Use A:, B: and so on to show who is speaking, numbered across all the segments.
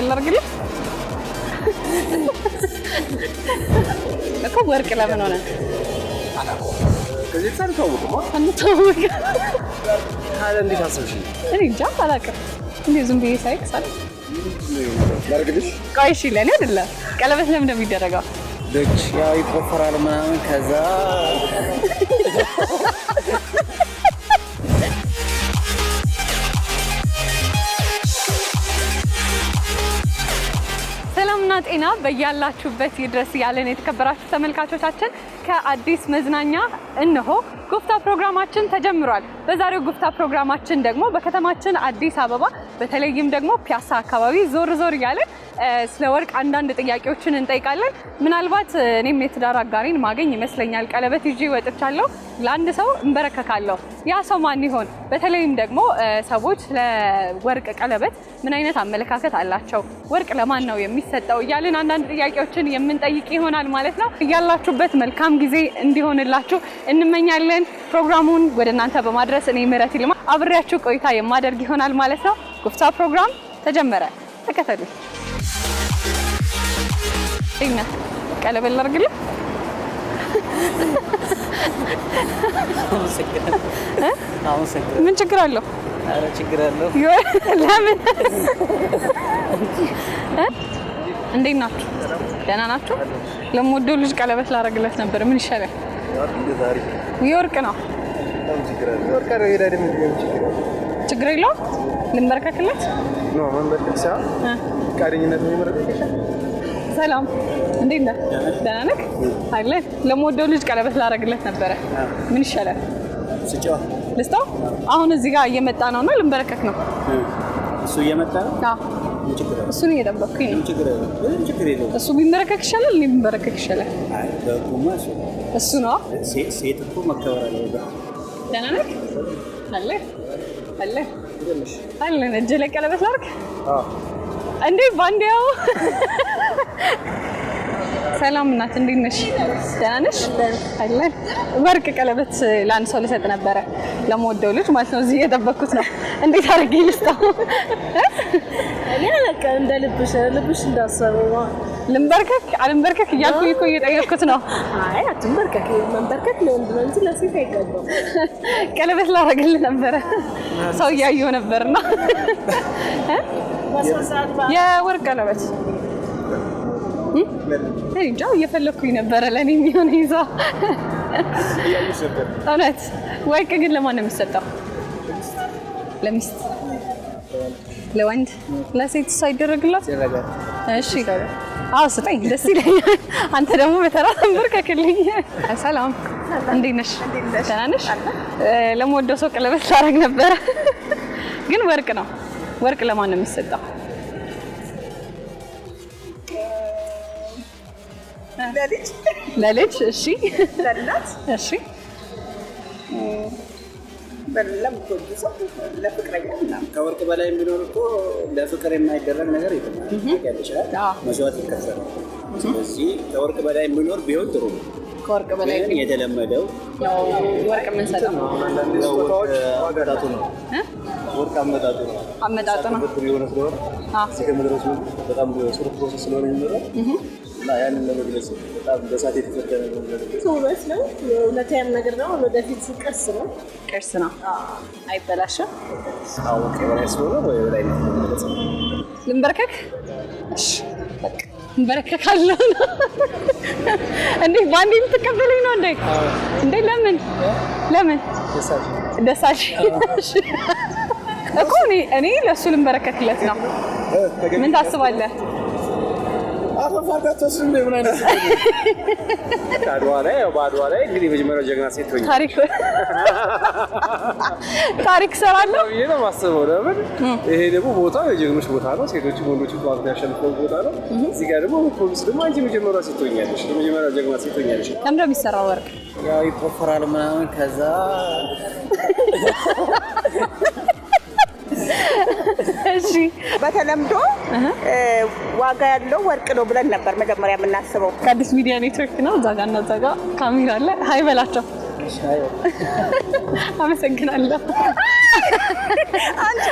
A: ሸፈን ላድርግልህ እኮ ወርቅ ለምን ሆነ እንጃ አላውቅም። እንዲሁ ዝም ብዬ ሳይክ ሳል ቆይ እሺ፣ ለእኔ አይደለም። ቀለበት ለምን ነው የሚደረገው?
B: ያው ይቆፈራል ምናምን ከዛ
A: ጤና በያላችሁበት ይድረስ ያለን የተከበራችሁ ተመልካቾቻችን ከአዲስ መዝናኛ እነሆ ጉፍታ ፕሮግራማችን ተጀምሯል። በዛሬው ጉፍታ ፕሮግራማችን ደግሞ በከተማችን አዲስ አበባ በተለይም ደግሞ ፒያሳ አካባቢ ዞር ዞር እያለን ስለ ወርቅ አንዳንድ ጥያቄዎችን እንጠይቃለን። ምናልባት እኔም የትዳር አጋሬን ማገኝ ይመስለኛል። ቀለበት ይዤ ወጥቻለሁ፣ ለአንድ ሰው እንበረከካለሁ። ያ ሰው ማን ይሆን? በተለይም ደግሞ ሰዎች ለወርቅ ቀለበት ምን አይነት አመለካከት አላቸው? ወርቅ ለማን ነው የሚሰጠው? እያልን አንዳንድ ጥያቄዎችን የምንጠይቅ ይሆናል ማለት ነው። እያላችሁበት መልካም ጊዜ እንዲሆንላችሁ እንመኛለን። ፕሮግራሙን ወደ እናንተ በማድረስ እኔ ምህረት ይልማ አብሬያችሁ ቆይታ የማደርግ ይሆናል ማለት ነው። ጉፍታ ፕሮግራም ተጀመረ። ተከተሉ። ቀለበት ላድርግልህ። ምን ችግር አለው? ለምን? እንዴት ናችሁ? ደህና ናችሁ? ለምወደው ልጅ ቀለበት ላደርግለት ነበር። ምን ይሻላል? የወርቅ ነው። ችግር የለውም። ልንበረከክለት ሰላም፣ እንዴት ነህ? ደህና ነህ? አይለን ለምወደው ልጅ ቀለበት ላደርግለት ነበረ። ምን ይሻላል? ልስጠው? አሁን እዚህ ጋር እየመጣ ነውና ልንበረከክ ነው።
B: እሱ እየመጣ ነው።
A: እሱን እየጠበኩኝ ነው። እሱ ቢመረከክ ይሻላል፣ እኔ ቢመረከክ ይሻላል። እሱ ነው
B: ሴት እኮ መከበር አለ።
A: ደህና ነህ? አለ አለ አለን። እጅ ላይ ቀለበት ላድርግ እንዴ? ባንዲያው ሰላም እናት እንዴት ነሽ? ደህና ነሽ? አለን። ወርቅ ቀለበት ለአንድ ሰው ልሰጥ ነበረ ለመወደው ልጅ ማለት ነው። እዚህ እየጠበኩት ነው። እንዴት አድርጌ ልስጠው?
C: ያለቀ እንደ ልብሽ ልብሽ እንዳሰበው
A: ልንበርከክ አልንበርከክ እያልኩኝ እኮ እየጠየኩት ነው።
C: አይ አትንበርከክ፣ መንበርከክ ለወንድ ነው እንጂ ለሴት አይገባም።
A: ቀለበት ላረግል ነበረ ሰው እያየሁ ነበርና የወርቅ ቀለበት እንጃ እየፈለግኩኝ ነበረ ለእኔ የሚሆን ይዛ እውነት። ወርቅ ግን ለማን ነው የሚሰጠው? ለሚስት ለወንድ ለሴት እሱ አይደረግላት? እሺ አዎ ስጠኝ፣ ደስ ይለኛል። አንተ ደግሞ በተራ ተንበርከክልኝ። ሰላም፣ እንዴት ነሽ? ደህና ነሽ? ለምወደው ሰው ቀለበት ላደርግ ነበረ፣ ግን ወርቅ ነው። ወርቅ ለማን ነው የሚሰጠው? ለልጅ ለልጅ እሺ፣ ለእናት እሺ፣
B: ከወርቅ በላይ የሚኖር እኮ ለፍቅር የማይደረግ ነገር ይችላል፣ መስዋዕት ይከፈላል። ስለዚህ ከወርቅ በላይ የሚኖር ቢሆን ጥሩ ነው። ከወርቅ በላይ የተለመደው
A: ወርቅ የምንሰጠው
B: ነው። ወርቅ አመጣጡ ነው። አመጣጡ ነው። በጣም ጽሑፍ ፕሮሰስ ስለሆነ የሚኖረው እና ያንን ለመግለጽ በጣም በሳት የተፈተነ
C: ውበት ነው። የእውነት ያን ነገር ነው። ወደፊት ቅርስ ነው፣
A: ቅርስ ነው፣ አይበላሽም።
B: አወቅ የበላይ ስለሆነ ወይ በላይ ነው መግለጽ ነው።
A: ልንበረከክ እንበረከካለሁ። እንዴ በአንድ የምትቀበለኝ ነው እንዴ? እንዴ ለምን ለምን ደሳሽ እኮ እኔ ለእሱ ልንበረከክለት ነው። ምን ታስባለህ? ታሪክ ሰራለሁ
B: ብዬ ነው የማስበው። ለምን ይሄ ደግሞ ቦታ የጀግኖች ቦታ ነው። ሴቶች ወንዶች ጠዋት ያሸንፈው ቦታ ነው። እዚህ ጋር ደግሞ ፖሊስ ደግሞ አንቺ መጀመሪያ ሴት ሆኛለሽ፣ መጀመሪያ ጀግና ሴት ሆኛለሽ።
A: ለምንድነው የሚሰራው ወርቅ?
B: ያው ይቆፈራል ምናምን ከዛ
A: እሺ
C: በተለምዶ ዋጋ ያለው ወርቅ ነው ብለን ነበር መጀመሪያ የምናስበው።
A: ከአዲስ ሚዲያ ኔትወርክ ነው። እዛ ጋ እና እዛ ጋ ካሜራ አለ። ሀይ በላቸው። አመሰግናለሁ። አንቺ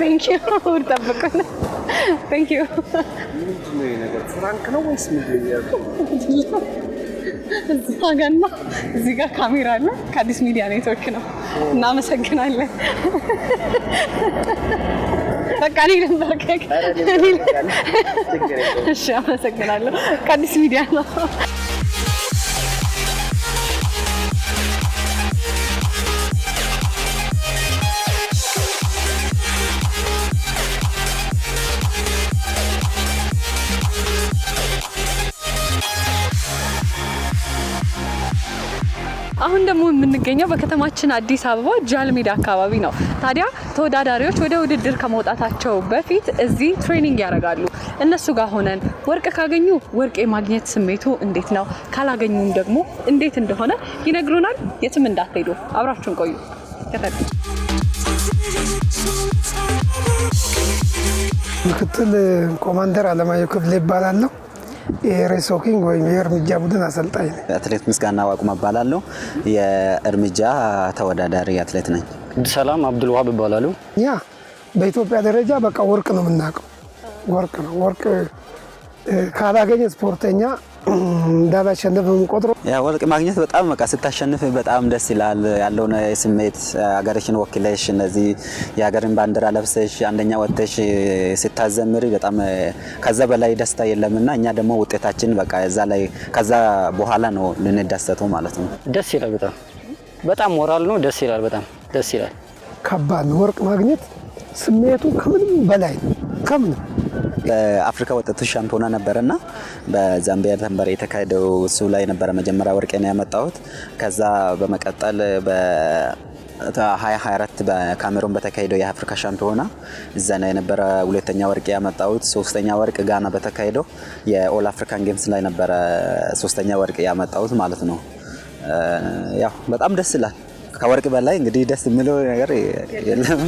A: ቴንክ ዩ ጠብቁን። ቴንክ ዩ እዚህ ጋርና እዚህ ጋር ካሜራ አለ። ከአዲስ ሚዲያ ኔትወርክ ነው። እናመሰግናለን። በቃ እኔ ልንበርከክ። እሺ፣ አመሰግናለሁ። ከአዲስ ሚዲያ ነው። አሁን ደግሞ የምንገኘው በከተማችን አዲስ አበባ ጃልሜዳ አካባቢ ነው። ታዲያ ተወዳዳሪዎች ወደ ውድድር ከመውጣታቸው በፊት እዚህ ትሬኒንግ ያደርጋሉ። እነሱ ጋር ሆነን ወርቅ ካገኙ ወርቅ የማግኘት ስሜቱ እንዴት ነው፣ ካላገኙም ደግሞ እንዴት እንደሆነ ይነግሩናል። የትም እንዳትሄዱ አብራችሁን ቆዩ።
D: ምክትል ኮማንደር አለማየሁ ክፍሌ ይባላለሁ። የሬሶኪንግ ዎኪንግ ወይም የእርምጃ ቡድን አሰልጣኝ ነኝ።
E: አትሌት ምስጋና ዋቁማ እባላለሁ። የእርምጃ ተወዳዳሪ አትሌት ነኝ።
F: ሰላም አብዱልዋሃብ እባላለሁ።
D: ያ በኢትዮጵያ ደረጃ በቃ ወርቅ ነው የምናውቀው። ወርቅ ነው ወርቅ ካላገኘ ስፖርተኛ እንዳላሸነፈ ቆጥሮ
E: ወርቅ ማግኘት በጣም በቃ ስታሸንፍ በጣም ደስ ይላል ያለውን ስሜት ሀገርሽን ወክለሽ እነዚህ የሀገርን ባንዲራ ለብሰሽ አንደኛ ወጥተሽ ስታዘምሪ በጣም ከዛ በላይ ደስታ የለምና እኛ ደግሞ ውጤታችን በቃ እዛ ላይ ከዛ በኋላ ነው ልንደሰተው ማለት ነው።
F: ደስ ይላል በጣም በጣም ሞራል ነው። ደስ ይላል በጣም ደስ ይላል።
D: ከባድ ወርቅ ማግኘት ስሜቱ ከምንም በላይ ነው ከምንም
E: በአፍሪካ ወጣቶች ሻምፒዮና ነበረና በዛምቢያ ተንበር የተካሄደው እሱ ላይ ነበረ መጀመሪያ ወርቄን ያመጣሁት። ከዛ በመቀጠል በ2024 በካሜሩን በተካሄደው የአፍሪካ ሻምፒዮና እዛ ላይ ነበረ ሁለተኛ ወርቅ ያመጣሁት። ሶስተኛ ወርቅ ጋና በተካሄደው የኦል አፍሪካን ጌምስ ላይ ነበረ ሶስተኛ ወርቅ ያመጣሁት ማለት ነው። ያው በጣም ደስ ይላል። ከወርቅ በላይ እንግዲህ ደስ የሚለው ነገር የለም።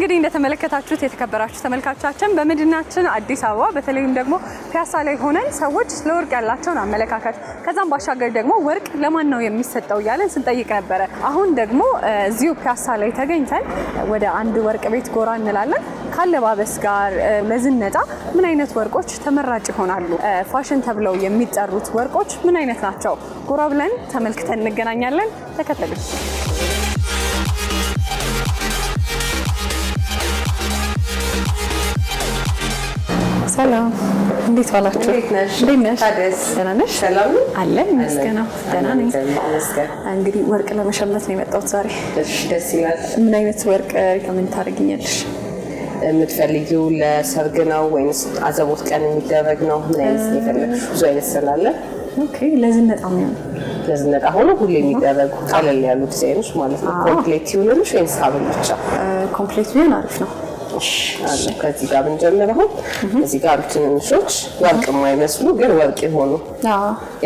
A: እንግዲህ እንደተመለከታችሁት የተከበራችሁ ተመልካቾቻችን በመዲናችን አዲስ አበባ በተለይም ደግሞ ፒያሳ ላይ ሆነን ሰዎች ስለ ወርቅ ያላቸውን አመለካከት ከዛም ባሻገር ደግሞ ወርቅ ለማን ነው የሚሰጠው እያለን ስንጠይቅ ነበረ። አሁን ደግሞ እዚሁ ፒያሳ ላይ ተገኝተን ወደ አንድ ወርቅ ቤት ጎራ እንላለን። ካለባበስ ጋር ለዝነጣ ምን አይነት ወርቆች ተመራጭ ይሆናሉ? ፋሽን ተብለው የሚጠሩት ወርቆች ምን አይነት ናቸው? ጎራ ብለን ተመልክተን እንገናኛለን። ተከተሉኝ። ሰላም፣ እንዴት ዋላችሁ? እንዴት ነሽ? ደህና ነሽ? አለን ይመስገን። ደህና ነኝ። እንግዲህ ወርቅ ለመሸመት ነው የመጣሁት ዛሬ። ደስ ይላል። ምን አይነት ወርቅ ሪከመንድ ታደርግኛለሽ?
G: የምትፈልጊው ለሰርግ ነው ወይስ አዘቦት ቀን የሚደረግ ነው? ምን አይነት የፈለግሽ? ብዙ አይነት ስላለ
A: ለዝነጣ ነው
G: ለዝነጣ ሆኖ ሁሉ የሚደረጉ ቀለል ያሉ ዲዛይኖች ማለት ነው። ኮምፕሌት ይሁንልሽ ወይስ ሀብል ብቻ?
A: ኮምፕሌት ቢሆን አሪፍ ነው። ትንሽ
G: አሉ። ከዚህ ጋር ብንጀምር አሁን እዚህ ጋር ትንንሾች ወርቅ የማይመስሉ ግን ወርቅ የሆኑ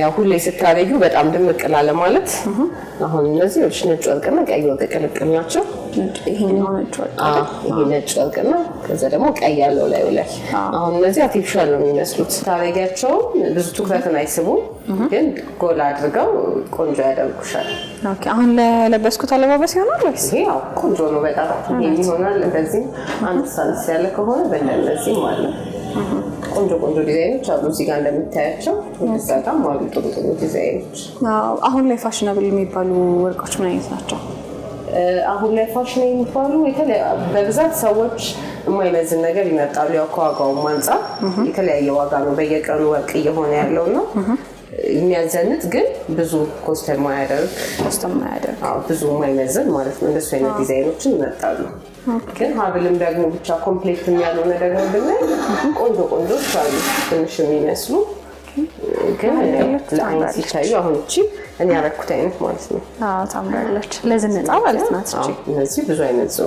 G: ያው ሁሌ ስታደርጊው በጣም ድምቅ ላለ ማለት አሁን እነዚህ ነጭ ወርቅና ቀይ ወርቅ ቅልቅል ናቸው።
A: ይሄ ነጭ
G: ወርቅ ከዛ ደግሞ ቀይ ያለው ላይ ላይ አሁን እነዚህ አርቲፊሻል ነው የሚመስሉት። ብዙ ትኩረትን አይስቡም፣ ግን ጎላ አድርገው ቆንጆ ያደርጉሻል።
A: አሁን ለለበስኩት አለባበስ ይሆናል ወይስ
G: ቆንጆ ነው በጣም ይሆናል። ያለ ከሆነ አለ ቆንጆ ቆንጆ ዲዛይኖች አሉ እዚህ ጋር እንደምታያቸው እዛ አሉ ጥሩ ጥሩ ዲዛይኖች።
A: አሁን ላይ ፋሽናብል የሚባሉ ወርቆች ምን አይነት ናቸው?
G: አሁን ላይ ፋሽን የሚባሉ በብዛት ሰዎች የማይመዝን ነገር ይመጣሉ። ያው ከዋጋውም አንጻር የተለያየ ዋጋ ነው በየቀኑ ወርቅ እየሆነ ያለው ነው የሚያዘንጥ ግን ብዙ ኮስተ ማያደርግ ብዙ የማይመዝን ማለት ነው። እንደሱ አይነት ዲዛይኖችን ይመጣሉ። ግን ሀብልም ደግሞ ብቻ ኮምፕሌት የሚያልሆነ ደግሞ ብናይ ቆንጆ ቆንጆች አሉ ትንሽ የሚመስሉ ግን ለአይነት ሲታዩ አሁን ቺፕ እኔ ያረኩት አይነት ማለት ነው።
A: ታምራለች። ለዝነጣ ማለት ናት።
G: እነዚህ ብዙ አይነት ዞ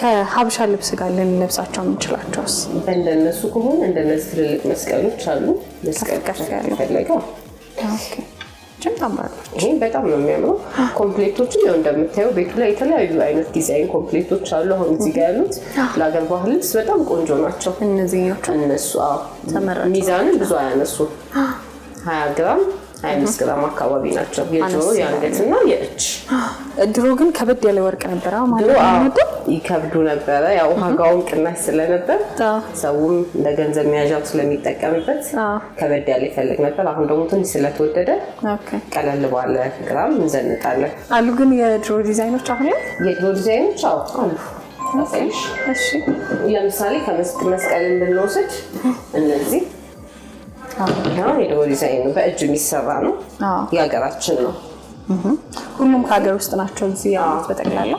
A: ከሀበሻ ልብስ ጋር ልንለብሳቸው የምንችላቸውስ
G: እንደነሱ ከሆነ እንደነዚህ ትልልቅ መስቀሎች አሉ። መስቀልፈለገው ይህ በጣም ነው የሚያምረው። ኮምፕሌቶችም ያው እንደምታየው ቤቱ ላይ የተለያዩ አይነት ዲዛይን ኮምፕሌቶች አሉ። አሁን እዚህ ጋር ያሉት ለአገር ባህል ልብስ በጣም ቆንጆ ናቸው። እነዚህኞቹ እነሱ ሚዛንን ብዙ አያነሱ ሀያ ግራም ሀያ አምስት አካባቢ ናቸው። የጆሮ የአንገት እና የእጅ።
A: ድሮ ግን ከበድ ያለ ወርቅ ነበረ
G: ማለት ይከብዱ ነበረ። ያው ዋጋውን ቅናሽ ስለነበር ሰውም እንደ ገንዘብ መያዣው ስለሚጠቀምበት ከበድ ያለ ይፈልግ ነበር። አሁን ደግሞ ትንሽ ስለተወደደ ቀለል ባለ ግራም እንዘንጣለን
A: አሉ። ግን የድሮ ዲዛይኖች አሁን
G: የድሮ ዲዛይኖች አሉ። ለምሳሌ ከመስቀልን ብንወስድ እነዚህ አሁን የድሮ ዲዛይን ነው፣ በእጅ የሚሰራ ነው፣ የሀገራችን ነው።
A: ሁሉም ከሀገር ውስጥ ናቸው እዚህ በጠቅላላ።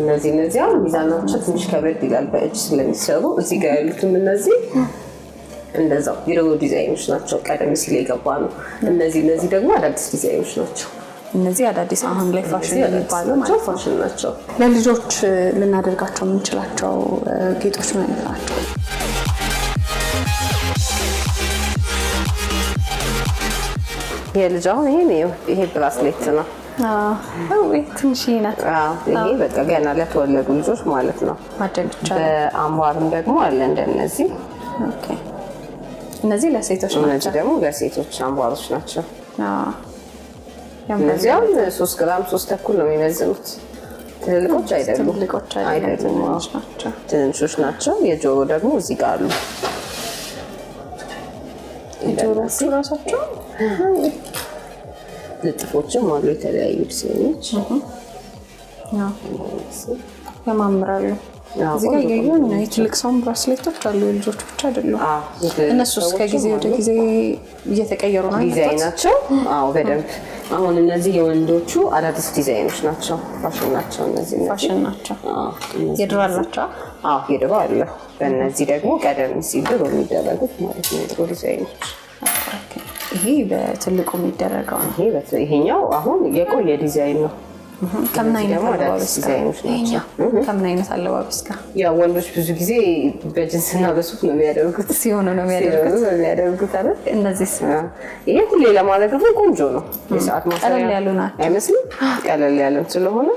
G: እነዚህ እነዚህ ሚዛናቸው ትንሽ ከበድ ይላል በእጅ ስለሚሰሩ። እዚህ ጋር ያሉትም እነዚህ እንደዛው ዲዛይኖች ናቸው፣ ቀደም ሲል የገባ ነው። እነዚህ እነዚህ ደግሞ አዳዲስ ዲዛይኖች ናቸው።
A: እነዚህ አዳዲስ አሁን ላይ ፋሽን የሚባሉ
G: ፋሽን ናቸው።
A: ለልጆች ልናደርጋቸው የምንችላቸው ጌጦች ምን አይነት ናቸው?
G: ይሄ ልጅ አሁን ይሄ ይሄ ብራስሌት ነው።
A: ትንሽ ናት።
G: ይሄ በቃ ገና ለተወለዱ ልጆች ማለት ነው። በአምባርም ደግሞ አለ እንደነዚህ።
A: እነዚህ ለሴቶች ናቸው።
G: እነዚህ ደግሞ ለሴቶች አምባሮች ናቸው። እነዚያም ሶስት ግራም ሶስት ተኩል ነው የሚመዝኑት። ትልልቆች አይደሉም፣ ትንንሾች ናቸው። የጆሮ ደግሞ እዚህ ጋር አሉ።
A: ጆሮቹ ራሳቸው
G: ልጥፎችም አሉ የተለያዩ ዲዛይኖች
A: ያማምራሉ። እዚህ ጋ እያየን የትልቅ ሰውን ብራስሌቶች አሉ። የልጆች ብቻ አይደሉም። እነሱ እስከ ጊዜ ወደ ጊዜ እየተቀየሩ ነው
G: ዲዛይናቸው። አዎ በደንብ አሁን እነዚህ የወንዶቹ አዳዲስ ዲዛይኖች ናቸው። ፋሽን ናቸው። እነዚህ
A: ፋሽን ናቸው። የድሮ አላቸው
G: የድባ አለ። በእነዚህ ደግሞ ቀደም ሲል ድሮ የሚደረጉት ማለት ነው ጥሩ ዲዛይኖች።
A: ይሄ በትልቁ የሚደረገው
G: ይሄኛው አሁን የቆየ ዲዛይን ነው።
A: ከምን አይነት አለባበስ ጋር
G: ያው ወንዶች ብዙ ጊዜ በጅንስና በሱፍ ነው የሚያደርጉት ሲሆኑ ነው
A: የሚያደርጉት እነዚህ
G: ይሄ ሁሌ ቆንጆ ነው። የሰዓት
A: ቀለል ያሉ ናቸው
G: አይመስልም? ቀለል ስለሆነ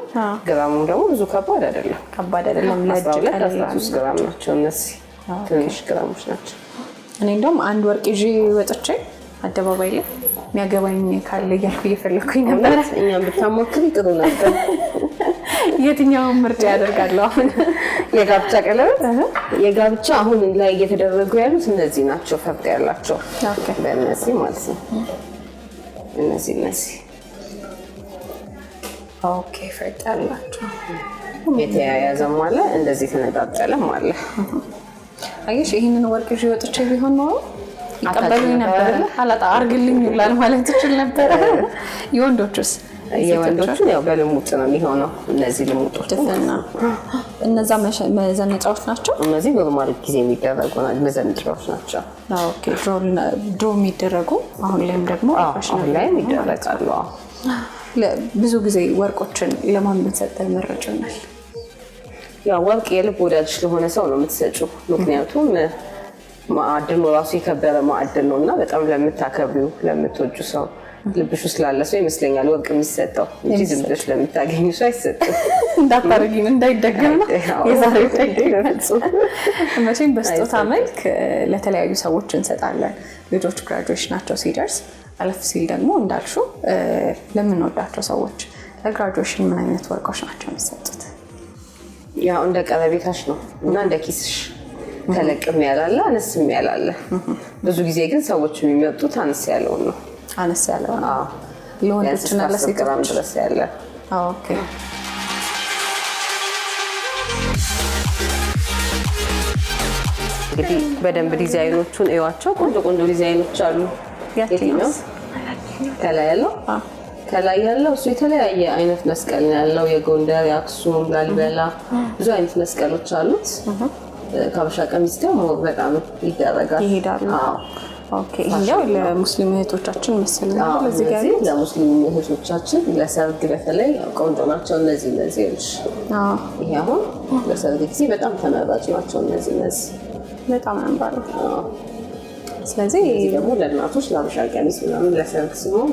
G: ግራሙ ደግሞ ብዙ ከባድ አይደለም።
A: ከባድ አይደለም።
G: ለእጅ ግራም ናቸው እነዚህ ትንሽ ግራሞች ናቸው።
A: እኔ እንደውም አንድ ወርቅ ይዤ ወጥቼ አደባባይ ላይ የሚያገባኝ ካለ እያልኩ እየፈለግኩኝ ነበረ።
G: እኛም ብታሞክሪ ጥሩ ነበር።
A: የትኛውን ምርጫ ያደርጋለሁ? አሁን
G: የጋብቻ ቀለበት የጋብቻ አሁን ላይ እየተደረጉ ያሉት እነዚህ ናቸው። ፈርጥ ያላቸው በእነዚህ ማለት ነው። እነዚህ እነዚህ
A: ኦኬ፣ ፈርጥ ያላቸው
G: የተያያዘም አለ፣ እንደዚህ የተነጣጠለም አለ።
A: አየሽ፣ ይህንን ወርቅ ይዤ ወጥቼ ቢሆን ነው ይቀበሉኝ ነበር። አላጣ አርግልኝ ይላል ማለት ይችል ነበረ። የወንዶችስ?
G: የወንዶችን ያው በልሙጥ ነው የሚሆነው። እነዚህ ልሙጦች
A: እነዛ መዘነጫዎች ናቸው።
G: እነዚህ በኖርማል ጊዜ የሚደረጉ መዘነጫዎች ናቸው።
A: ድሮ የሚደረጉ አሁን ላይም ደግሞ
G: አሁን ላይም ይደረጋሉ።
A: ብዙ ጊዜ ወርቆችን ለማን ብንሰጠህ መረጭናል?
G: ያው ወርቅ የልብ ወዳጅ ለሆነ ሰው ነው የምትሰጩ። ምክንያቱም ማዕድኑ ራሱ የከበረ ማዕድን ነው እና በጣም ለምታከብሪው ለምትወጁ ሰው ልብሽ ውስጥ ላለ ሰው ይመስለኛል ወርቅ የሚሰጠው እንጂ ዝም ብለሽ ለምታገኙ ሰው አይሰጥም።
A: እንዳታርጊም እንዳይደገም ነው መቼም በስጦታ መልክ ለተለያዩ ሰዎች እንሰጣለን። ልጆች ግራጁዌሽናቸው ሲደርስ አለፍ ሲል ደግሞ እንዳልሹ ለምንወዳቸው ሰዎች ለግራጁዌሽን ምን አይነት ወርቆች ናቸው የሚሰጡት?
G: ያው እንደ ቀረቤታሽ ነው እና እንደ ኪስሽ ተለቅም ያላለ አነስም ያላለ። ብዙ ጊዜ ግን ሰዎች የሚመጡት አነስ ያለውን ነው።
A: አነስ ያለው ለወንዶችና
G: ለሴቶች ድረስ ያለ እንግዲህ በደንብ ዲዛይኖቹን እዩዋቸው። ቆንጆ ቆንጆ ዲዛይኖች አሉ። ከላይ ያለው ከላይ ያለው እሱ የተለያየ አይነት መስቀል ያለው። የጎንደር፣ የአክሱም፣ ላሊበላ ብዙ አይነት መስቀሎች አሉት። ከሀበሻ ቀሚስ ደግሞ በጣም ይደረጋል
A: ለሙስሊም እህቶቻችን መሰለኝ
G: ጋር ለሙስሊም እህቶቻችን ለሰርግ በተለይ ቆንጆ ናቸው እነዚህ እነዚህ ይሄ አሁን ለሰርግ ጊዜ በጣም ተመራጭ ናቸው እነዚህ እነዚህ
A: በጣም ያምራሉ። ስለዚህ
G: ደግሞ ለእናቶች ለሀበሻ ቀሚስ ምናምን ለሰርግ ሲሆን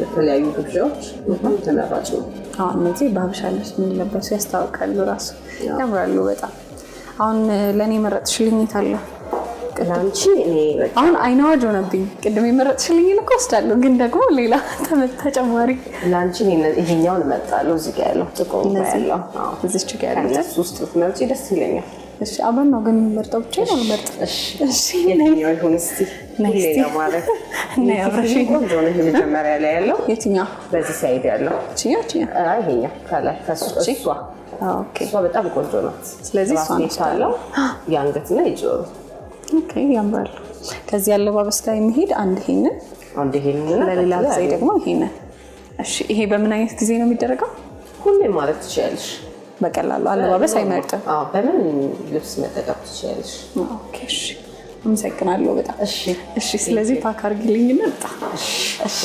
G: ለተለያዩ ግብዣዎች በጣም ተመራጭ ነው።
A: እነዚህ በሀበሻ ልብስ የሚለበሱ ያስታውቃሉ፣ ራሱ ያምራሉ በጣም አሁን ለእኔ የመረጥሽልኝ የት አለ? ላንቺ አሁን አይነዋጅ ሆነብኝ። ቅድም የመረጥሽልኝ ልኮ ወስዳለሁ፣ ግን ደግሞ ሌላ ተጨማሪ
G: ይሄኛውን እመርጣለሁ። እዚህ ያለው ጥቁር
A: እዚች ጋ ያለው
G: ውስጥ ደስ ይለኛል።
A: እሺ አብረን ነው ግን የምመርጠው፣ ብቻ ነው የምመርጠው።
G: እሺ የትኛው በዚህ ሳይድ ያለው ይሄኛው ከላይ ከሱ እሷ እሷ በጣም ቆንጆ ናት።
A: ስለዚህ እሷንታለው
G: የአንገትና የጆሮ
A: ያምራል። ከዚህ አለባበስ ጋር የሚሄድ አንድ ይሄንን አንድ ይሄንን ለሌላ ጊዜ ደግሞ ይሄንን። እሺ ይሄ በምን አይነት ጊዜ ነው የሚደረገው?
G: ሁሌም ማለት ትችላለሽ።
A: በቀላሉ አለባበስ አይመርጥም።
G: በምን ልብስ መጠቀም ትችላለሽ።
A: ኦኬ እሺ አመሰግናለሁ በጣም እሺ። ስለዚህ ፓክ አድርጊልኝና በጣም እሺ እሺ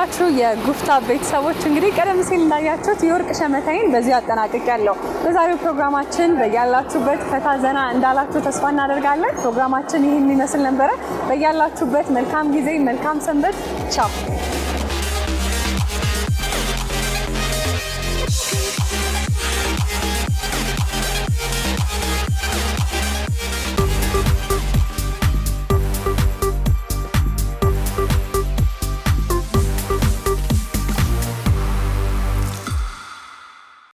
A: የተከበራችሁ የጉፍታ ቤተሰቦች እንግዲህ ቀደም ሲል እንዳያችሁት የወርቅ ሸመታይን በዚህ አጠናቅቅ ያለው በዛሬው ፕሮግራማችን በያላችሁበት ፈታ ዘና እንዳላችሁ ተስፋ እናደርጋለን። ፕሮግራማችን ይህን ይመስል ነበረ። በያላችሁበት መልካም ጊዜ፣ መልካም ሰንበት። ቻው